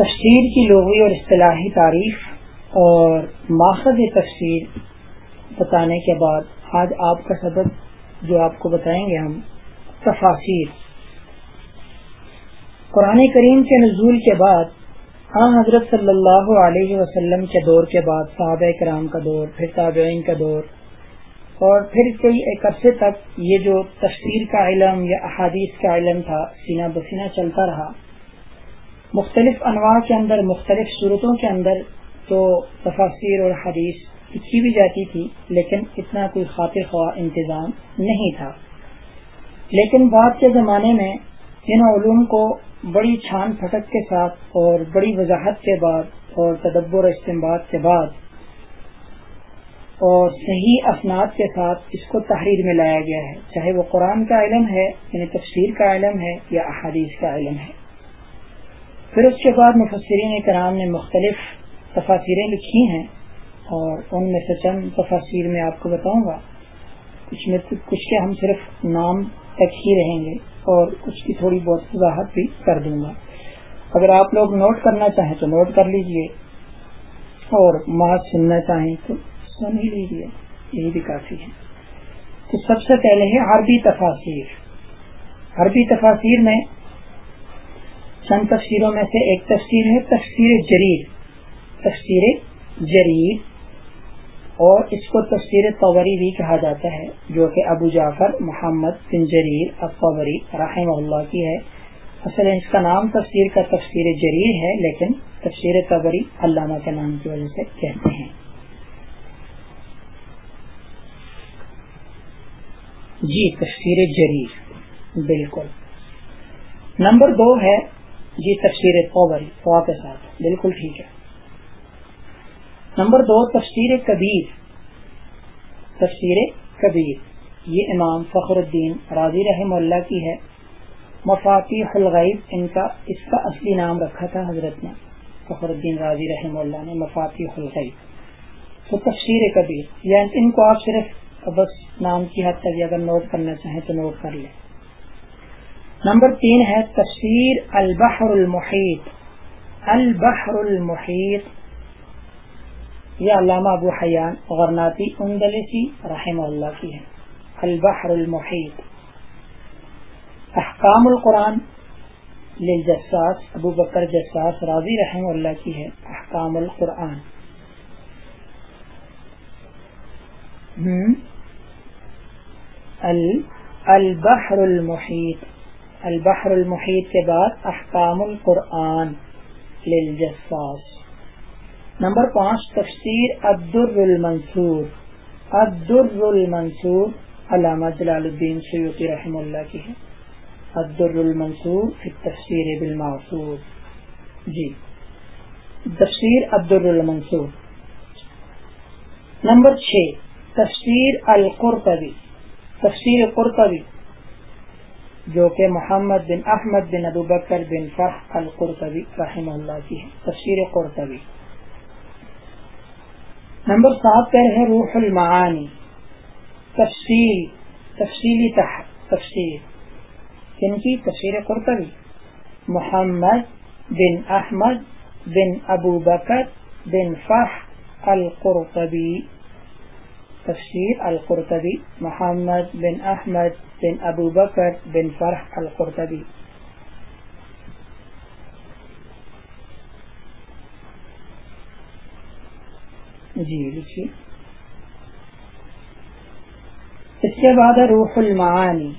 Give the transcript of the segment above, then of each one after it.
تفسیر کی لغوی اور اصطلاحی تعریف اور ماخذ تفسیر بتانے کے بعد آج آپ کا سبق جو آپ کو بتائیں گے ہم تفاصیر قرآن کریم کے نزول کے بعد ہاں حضرت صلی اللہ علیہ وسلم کے دور کے بعد صحابہ کرام کا دور پھر تابعین کا دور اور پھر کئی ایک عرصے تک یہ جو تفسیر کا علم یا احادیث کا علم تھا سینہ بسینہ چلتا رہا مختلف انواع کے اندر مختلف صورتوں کے اندر تو تفاصیر اور حدیث لکھی بھی جاتی تھی لیکن اتنا کوئی خاطر خواہ انتظام نہیں تھا لیکن بعد کے زمانے میں ان علوم کو بڑی چھان پھٹک کے ساتھ اور بڑی وضاحت کے بعد اور تدبر استعمال کے بعد اور صحیح اسناد کے ساتھ اس کو تحریر میں لایا گیا ہے چاہے وہ قرآن کا علم ہے یعنی تفسیر کا علم ہے یا احادیث کا علم ہے پھر اس کے بعد مفسرین کرام نے مختلف تفاصیریں لکھی ہیں اور ان میں سے چند تفاصیر میں آپ کو بتاؤں گا کچھ میں کچھ کے ہم صرف نام تک ہی رہیں گے اور کچھ کی تھوڑی بہت وضاحت بھی کر دوں گا اگر آپ لوگ نوٹ کرنا چاہیں تو نوٹ کر لیجئے اور ماں سننا چاہیں تو سن ہی لیجیے یہی بھی کافی ہے تو سب سے پہلے ہے عربی تفاصیر عربی تفاصیر میں چند تفسیروں میں سے ایک تفسیر ہے تفسیر جریر تفسیر جریر اور اس کو تفسیر طوری بھی کہا جاتا ہے جو کہ ابو جعفر محمد بن جریر اب رحمہ رحم اللہ کی ہے اصل اس کا نام تفسیر کا تفسیر جریر ہے لیکن تفسیر طوری علامہ کے نام کی وجہ سے کہتے ہیں جی تفسیر جریر بالکل نمبر دو ہے جی تفسیر توبری فوا کے ساتھ بالکل ٹھیک ہے نمبر دو تفسیر کبیر تفسیر کبیر یہ امام فخر الدین راضی رحم اللہ کی ہے مفاقی حلغیب ان کا اس کا اصلی نام رکھا تھا حضرت نے فخر الدین راضی رحم اللہ نے مفاقی حلغیب تو تفسیر کبیر یعنی ان کو آپ صرف بس نام کی حد تک اگر نوٹ کرنا چاہیں تو نوٹ کر لیں نمبر تین ہے تفسیر البحر المحیط البحر المحیط یہ علامہ ابو حیان غرناتی اندلسی رحمہ اللہ کی ہے البحر المحیط احکام القرآن للجساس ابو بکر جساس راضی رحم اللہ کی ہے احکام القرآن البحر المحیط البحر المحیط کے بعد احکام القرآن للجساس نمبر پانچ تفسیر تشہیر المنصور عبد المنصور علامہ جلال الدین سیوتی رحم اللہ کی ہے عبد الرمنصور تفسیر بالمعصور جی تفسیر عبد المنصور نمبر چھ تفسیر القرطبی تفسیر قرطبی جو کہ محمد بن احمد بن ابو بکر بن فہ القرطبی رحم اللہ کی ہے تفسیر قرطبی نمبر سات پہ ہے روح المعانی تفصیل تفصیلی تح تشریف جن کی تفسیر قرطبی محمد بن احمد بن ابو بکر بن فاہ القرطبی تفسیر القرطبی محمد بن احمد بن ابو بکر بن فرح القرطبی جی لکھیے اس کے بعد روح المعانی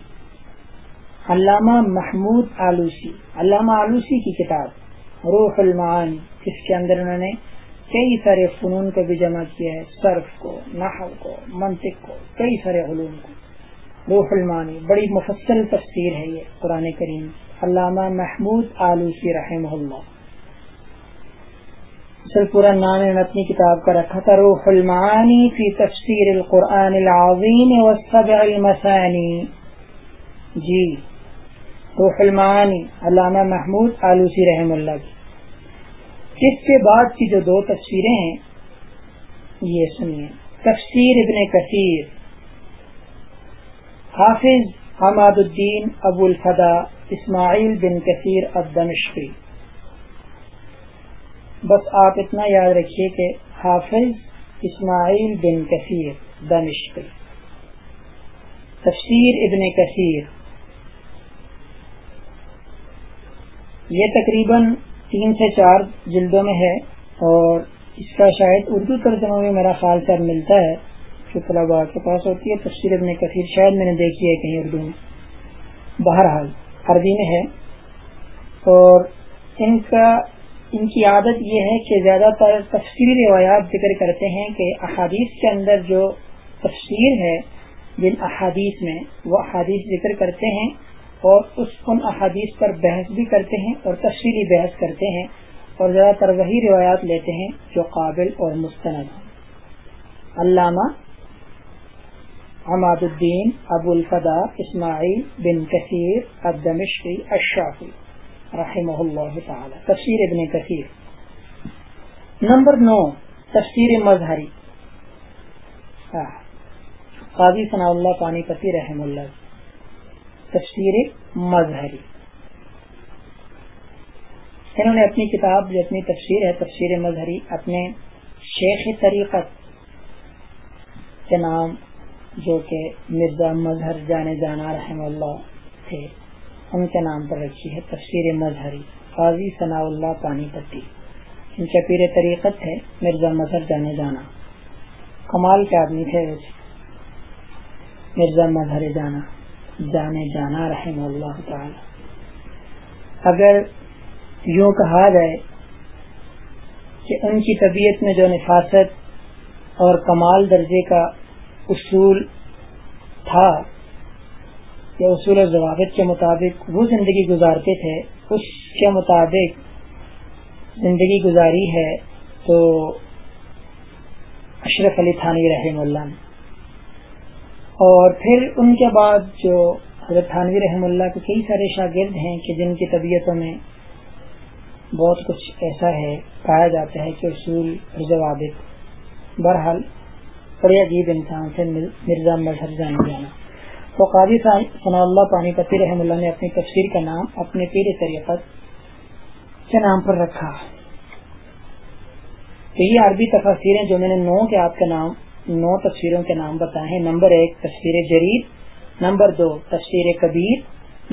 علامہ محمود آلوسی علامہ آلوسی کی کتاب روح المعانی اس کے اندر انہوں نے کئی سارے فنون کو بھی جمع کیا ہے صرف کو نحو کو منطق کو کئی سارے علوم کو روح المانی بڑی مفصل تفسیر ہے یہ قرآن کریم علامہ محمود آلوسی رحمہ رحم اللہ سر پورا نام نے اپنی کتاب کا رکھا تھا روح المعانی فی تفسیر القرآن العظیم والسبع المثانی جی روح المعانی علامہ محمود آلوسی رحم اللہ کی اس کے بعد کی جو دو تفسیریں ہیں یہ سنیے تفسیر ابن کثیر حافظ حماد الدین ابو الفدا اسماعیل بن کثیر بس آپ اتنا یاد رکھیے کہ حافظ اسماعیل بن کثیر دمشقی تفسیر ابن کثیر یہ تقریباً تین سے چار جلدوں میں ہے اور اس کا شاید اردو ترجمہ میں میرا خیال کر ملتا ہے طلبا کے پاس ہوتی ہے تفصیل ابن کثیر شاید میں نے دیکھی ہے کہیں اردو میں بہرحال عربی میں ہے اور ان کا ان کی عادت یہ ہے کہ زیادہ تر تفصیلی روایات ذکر کرتے ہیں کہ احادیث کے اندر جو تفسیر ہے جن احادیث میں وہ احادیث ذکر کرتے ہیں اور اس ان احادیث پر بحث بھی کرتے ہیں اور تفصیلی بحث کرتے ہیں اور زیادہ تر وہی روایات لیتے ہیں جو قابل اور مستند ہیں علامہ عماد الدین ابو الفدا اسماعیل بن کثیر ابد مشری رحمہ اللہ تعالی تفسیر ابن کثیر نمبر نو تفسیر مظہری قاضی ثناء اللہ پانی پتی رحم اللہ تفسیر مظہری انہوں نے اپنی کتاب جو اپنی تفسیر تفسیر ہے مظہری اپنے شیخ طریقت کے نام جو کہ مرزا مظہر جانے جانا رحم اللہ تھے ان کے نام پر رکھی ہے تفسیر مظہری قاضی ثناء اللہ پانی پتی ان کے پیر طریقت تھے مرزا مظہر جانے جانا کمال کے آدمی تھے مرزا مظہر جانا جانے جانا رحم اللہ تعالی اگر یوں کہا جائے کہ ان کی طبیعت میں جو نفاست اور کمال درجے کا اصول تھا یا اصول و ضوابط کے مطابق وہ زندگی گزارتے تھے اس کے مطابق زندگی گزاری ہے تو اشرف علی تھانی اللہ نے اور پھر ان کے بعد جو حضرت تھانوی رحم اللہ کے کئی سارے شاگرد ہیں کہ جن کی طبیعتوں میں بہت کچھ ایسا ہے ہے جاتا کہ اصول ضوابط بہرحال انسان سے مرزا مظہر جانا جانا تو قاضی ثنا اللہ پانی پتی رحم اللہ نے اپنی تفسیر کا نام اپنے پیر طریقت کے نام پر رکھا تو یہ عربی ہیں جو میں نے نو کے آپ کا نام نو تصویروں کے نام بتائیں نمبر ایک تصویر جرید نمبر دو تفسیر کبیر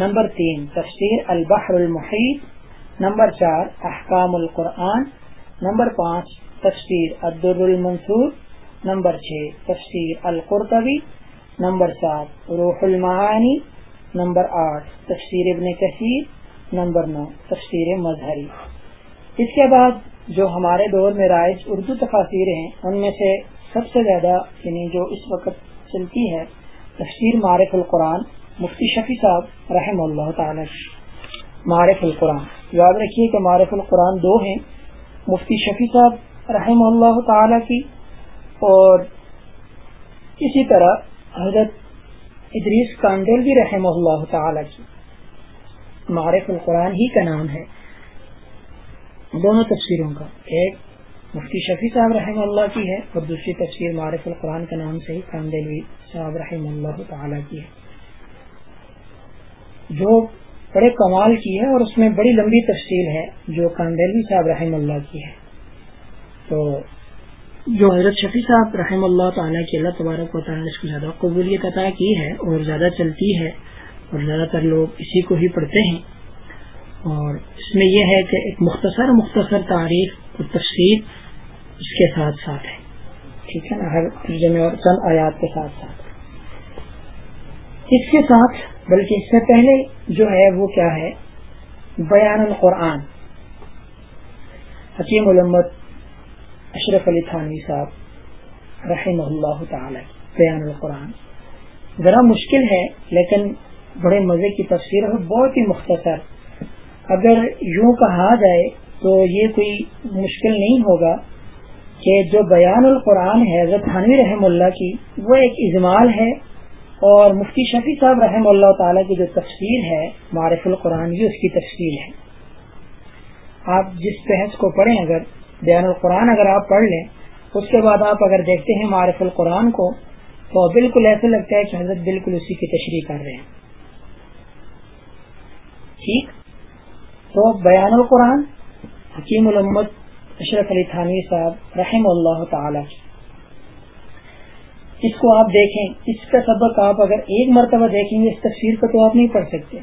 نمبر تین تفسیر البحر المحیط نمبر چار احکام القرآن نمبر پانچ عبدال المنصور نمبر چھ تفسیر القرطبی نمبر سات روح المعانی نمبر آٹھ تفسیر ابن کثیر نمبر نو تفسیر مظہری اس کے بعد جو ہمارے دور میں رائج اردو تفاصیر ہیں ان میں سے سب سے زیادہ یعنی جو اس وقت چلتی ہے تفسیر معرف القرآن مفتی شفیع صاحب رحم اللہ تعالی معرف القرآن یاد رکھیے کہ معرف القرآن دو ہیں مفتی شفیع صاحب رحم اللہ تعالی کی اور اسی طرح حضرت ادریس کانڈل بھی رحم اللہ تعالی کی معرف القرآن ہی کا نام ہے دونوں تفسیروں کا ایک مفتی شفیع صاحب رحم اللہ کی ہے اور دوسری تفسیر معرف القرآن کے نام سے ہی صاحب اللہ تعالی کی ہے جو بڑے کمال کی ہے اور اس میں بڑی لمبی تفصیل ہے جو کاندیلوی صاحب رحم اللہ کی ہے تو جو حضرت شفیع صاحب رحم اللہ تعالیٰ کی اللہ تبارک و تعالیٰ نے اس کو زیادہ قبولیت عطا کی ہے اور زیادہ چلتی ہے اور زیادہ تر لوگ اسی کو ہی پڑھتے ہیں اور اس میں یہ ہے کہ ایک مختصر مختصر تعریف اور تفصیل اس کے ساتھ ساتھ ہے ٹھیک ہے نا ہر ترجمے اور چند آیات کے ساتھ ساتھ اس کے ساتھ بلکہ اس سے پہلے جو ہے وہ کیا ہے بیان القرآن حکیم علمت اشرف علی تھانوی صاحب رحم اللہ تعالی بیان القرآن ذرا مشکل ہے لیکن بڑے مزے کی تفسیر ہے بہت ہی مختصر اگر یوں کہا جائے تو یہ کوئی مشکل نہیں ہوگا کہ جو بیان القرآن ہے حضرت حنوی رحم اللہ کی وہ ایک اجمال ہے اور مفتی شفیع صاحب رحم اللہ تعالیٰ کی جو تفسیر ہے معرف القرآن یہ اس کی تفصیل ہے آپ جس بحث کو پڑھیں اگر بیان القرآن اگر آپ پڑھ لیں اس کے بعد آپ اگر دیکھتے ہیں معرف القرآن کو تو بالکل ایسا لگتا ہے کہ حضرت بالکل اسی کی تشریح کر رہے ہیں ٹھیک تو بیان القرآن حکیم الامت اشرف علی تھانوی صاحب رحم اللہ تعالی اس کو آپ دیکھیں اس کا سبق آپ اگر ایک مرتبہ دیکھیں گے اس تفسیر کو تو آپ نہیں پڑھ سکتے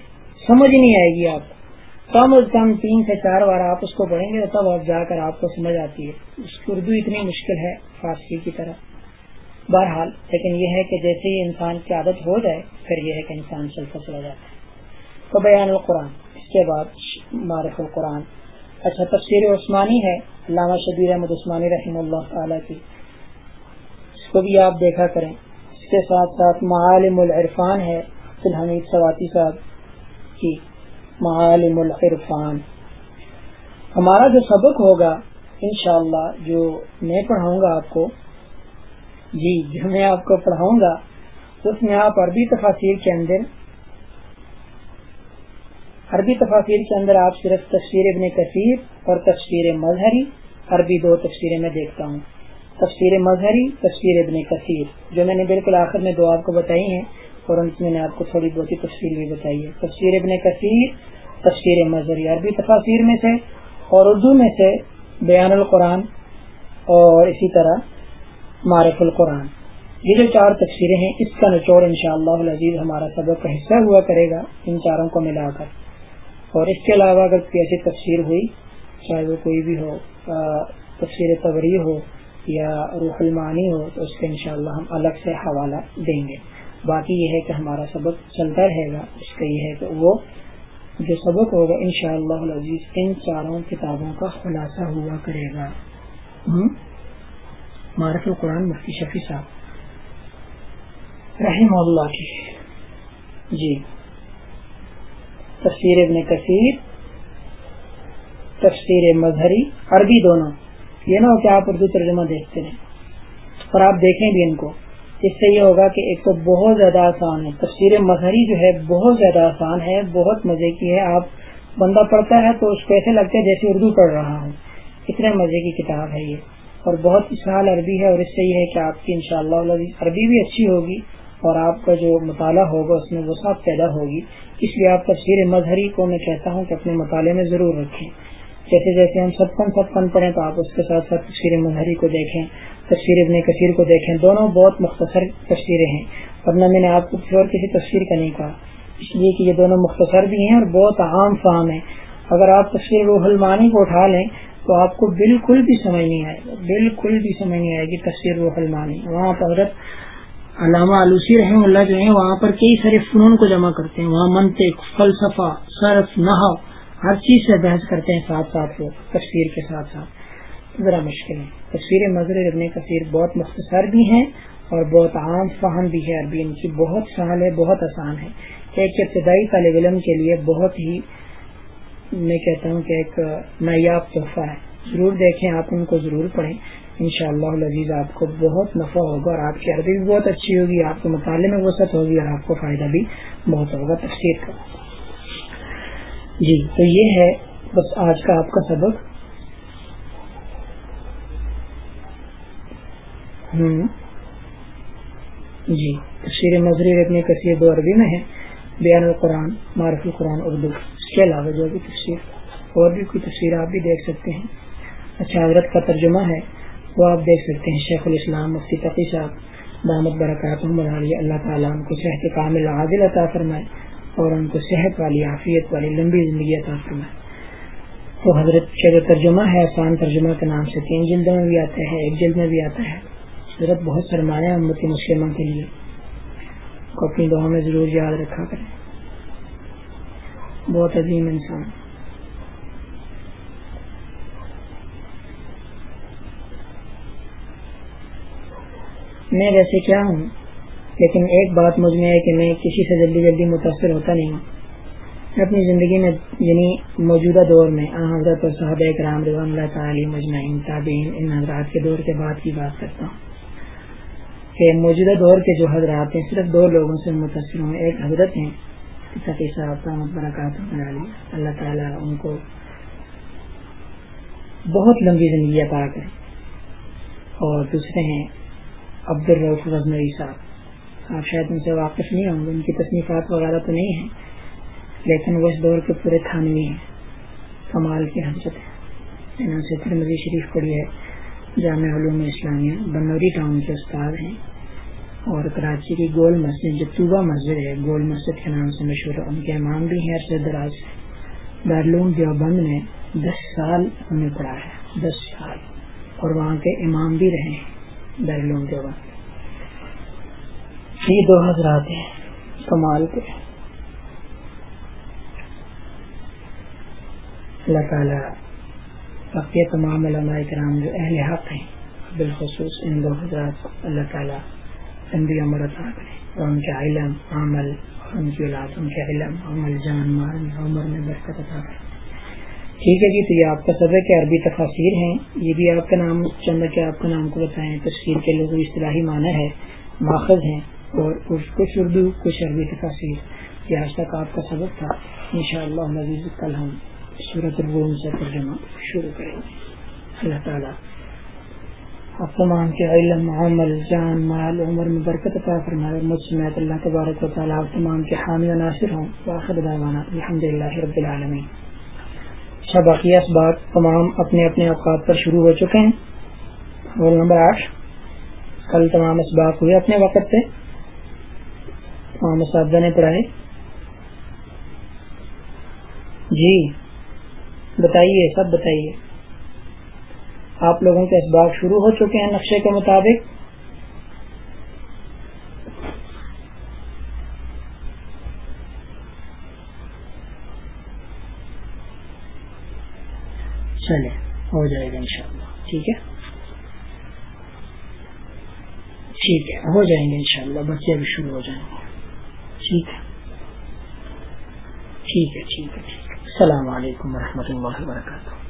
سمجھ نہیں آئے گی آپ کم از کم تین سے چار بار آپ اس کو پڑھیں گے تب آپ جا کر آپ کو سمجھ آتی ہے اس کی اردو اتنی مشکل ہے فارسی کی طرح بہرحال لیکن یہ ہے کہ جیسے ہی انسان کی عادت ہو جائے پھر یہ ہے کہ انسان چلتا چلا جاتا ہے تو بیان القرآن اس کے بعد معرف القرآن اچھا تفسیر عثمانی ہے علامہ شبیر احمد عثمانی رحم اللہ تعالیٰ کی اس کو بھی آپ دیکھا کریں اس کے ساتھ ساتھ معالم العرفان ہے عبد الحمید سواتی صاحب کی معالم العرفان ہمارا جو سبق ہوگا انشاءاللہ اللہ جو میں پڑھاؤں گا آپ کو جی جو میں آپ کو پڑھاؤں گا اس میں آپ عربی تفاصیر کے اندر عربی تفاصیر کے اندر آپ صرف تفسیر ابن کثیر اور تفسیر مظہری عربی دو تفسیریں میں دیکھتا ہوں تفسیر مظہری تفسیر ابن کثیر جو میں نے بالکل آخر میں دو آپ کو بتائی ہیں اور ان میں نے آپ کو تھوڑی بہت ہی تفصیل بھی بتائی ہے تفسیر ابن کثیر تفسیر مظہری عربی تفاصیر میں سے اور اردو میں سے بیان القرآن اور اسی طرح معرف القرآن یہ جو چار تفسیریں ہیں اس کا نچوڑ انشاءاللہ شاء اللہ ہمارا سبق کا حصہ ہوا کرے گا ان چاروں کو ملا کر اور اس کے علاوہ اگر ایسی تفسیر ہوئی چاہے وہ کوئی بھی ہو تفسیر تبری ہو یا روح المانی ہو تو اس کا انشاءاللہ ہم الگ سے حوالہ دیں گے باقی یہ ہے کہ ہمارا سبق چلتا رہے گا اس کا یہ ہے کہ وہ جو سبق ہوگا ان شاء اللہ ان چاروں کتابوں کا خلاصہ ہوا کرے گا القرآن مفتی شفیع صاحب رحم اللہ کی جی تفسیر ابن کثیر تفسیر مظہری عربی دونوں یہ نہ ہو کہ آپ اردو ترجمہ دیکھتے رہیں اور آپ دیکھیں بھی ان کو اس سے یہ ہوگا کہ ایک تو بہت زیادہ آسان ہے تفسیر مظہری جو ہے بہت زیادہ آسان ہے بہت مزے کی ہے آپ بندہ پڑھتا ہے تو اس کو ایسے لگتا ہے جیسے اردو پڑھ رہا ہوں اتنے مزے کی کتاب ہے یہ اور بہت اسحال عربی ہے اور اس سے یہ ہے کہ آپ کی انشاءاللہ اللہ عربی بھی اچھی ہوگی اور آپ کا جو مطالعہ ہوگا اس میں وسعت پیدا ہوگی اس لیے آپ تفسیر مظہری کو میں کہتا ہوں کہ اپنے مطالعے میں ضرور رکھیں جیسے جیسے ہم سب سب ستپن پڑھیں تو آپ اس کے ساتھ ساتھ تفسیر مظہری کو دیکھیں تفسیر ابن کثیر کو دیکھیں دونوں بہت مختصر تفسیریں ہیں ورنہ میں نے آپ کو کسی تفسیر کا نہیں کہا اس لیے کہ یہ دونوں مختصر بھی ہیں اور بہت عام فام ہیں اگر آپ تفسیر روح المانی کو اٹھا لیں تو آپ کو بالکل بھی سمجھ نہیں آئے گا بالکل بھی سمجھ نہیں آئے گی تفسیر روح المانی وہاں حضرت علامہ آلوسی رحم اللہ جو ہیں وہاں پر کئی سارے فنون کو جمع کرتے ہیں وہاں منطق فلسفہ صرف نحو ہر چیز سے بحث کرتے ہیں ساتھ ساتھ وہ تفسیر کے ساتھ ساتھ ذرا مشکل ہے تفسیر تصویریں ابن کثیر بہت مختصر بھی ہیں اور بہت عام فہم بھی ہے عربی ان کی بہت سہل ہے بہت آسان ہے ایک ابتدائی طالب علم کے لیے بہت ہی میں کہتا ہوں کہ ایک نایاب تحفہ ہے ضرور دیکھیں آپ ان کو ضرور پڑھیں شاء اللہ لذیذ آپ کو بہت نفع ہوگا اور آپ کی عربی بھی بہت اچھی ہوگی آپ کے مطالعے میں وسط ہوگی اور آپ کو فائدہ بھی بہت ہوگا تفصیل کا جی تو یہ ہے بس آج کا آپ کا سبق جی تصویر نظری رکھنے کثیر دو عربی میں ہے بیان القرآن معرف القرآن اردو اس کے علاوہ جو بھی تفصیل اور بھی کوئی تصویر آپ بھی دیکھ سکتے ہیں اچھا حضرت کا ترجمہ ہے وہ آپ دیکھ سکتے ہیں شیخ الاسلام مفتی تقی صاحب نام برکات اللہ تعالیٰ ان کو صحت کامل عادل عطا فرمائے اور ان کو صحت والی عافیت والی لمبی زندگی عطا فرمائے تو حضرت شیر ترجمہ ہے آسان ترجمہ کے نام سے تین جلدوں میں بھی آتا ہے ایک جلد میں بھی آتا ہے حضرت بہت سرمایہ امت مسلمہ کے لیے اپنی دعا میں ضرور یاد رکھا کریں بہت عظیم انسان میں ویسے کیا ہوں لیکن ایک بات مجھ میں ہے کہ میں کسی سے جلدی جلدی متاثر ہوتا نہیں ہوں میں اپنی زندگی میں یعنی موجودہ دور میں حضرت اور رضوان اللہ تعالی مجمعین تابعین ان حضرات کے دور کے بعد کی بات کرتا ہوں کہ موجودہ دور کے جو حضرات ہیں صرف دو لوگوں سے متاثر ہوں ایک حضرت ہیں صاحب برکات اللہ تعالیٰ ان کو بہت لمبی زندگی پا کر اور دوسرے ہیں عبد الروف غزنوی صاحب آپ شاید ان سے واپس نہیں ہوں گے ان کی تصنیفات وغیرہ تو نہیں ہیں لیکن وہ اس دور کے پورے تھانوی ہیں کمال کی ہیں سے ترمزی شریف پڑی ہے جامعہ علوم اسلامیہ بنوری ٹاؤن کے استاد ہیں اور کراچی کی گول مسجد جو طوبہ مسجد ہے گول مسجد کے نام سے مشہور ہے ان کے امام بھی ہیں عرصے دراز دارالعلوم دیوبند میں دس سال انہیں پڑھا ہے دس سال اور وہاں کے امام بھی رہے ہیں بیڈ کے بعد یہ دو حضرات ہیں کمال کے اللہ تعالیٰ اب کے تمام علماء کرام جو اہل حق ہیں بالخصوص ان دو حضرات کو اللہ تعالیٰ لمبی عمر عطا اور ان کے علم عمل اور ان کی اولاد ان کے علم عمل جان مال عمر میں برکت عطا کرے ٹھیک ہے جی تو یہ آپ کا سبق عربی تفاصیر ہیں یہ بھی آپ کا نام چند آپ کا نام کو بتائیں تشکیل کے لوگ اصطلاحی معنی ہے ماخذ ہیں اور کچھ کچھ اردو عربی تفاصیر یہ آج تک آپ کا سبق تھا ان شاء اللہ کل ہم صورت الروم سے ترجمہ شروع کریں گے اللہ تعالیٰ آپ تمام کے علم عمل جان مال عمر میں برکت فرمائے مجھ اللہ تبارک و تعالیٰ تمام کے حامی و ناصر ہوں واخر الحمد اللہ رب العالمین اچھا باقی اسباب تمام اپنے اپنے اوقات پر شروع ہو چکے ہیں رول نمبر آٹھ کل تمام اسباب ہوئے اپنے وقت پہ تمام اساتذہ نے پڑھائے جی بتائیے سب بتائیے آپ لوگوں کے اسباب شروع ہو چکے ہیں نقشے کے مطابق ہو جائے گا ان شاء اللہ ٹھیک ہے ٹھیک ہے ہو جائیں گے ان شاء اللہ بچیاں بھی شروع ہو جائیں گے ٹھیک ہے ٹھیک ہے ٹھیک ہے ٹھیک ہے السلام علیکم ورحمۃ اللہ وبرکاتہ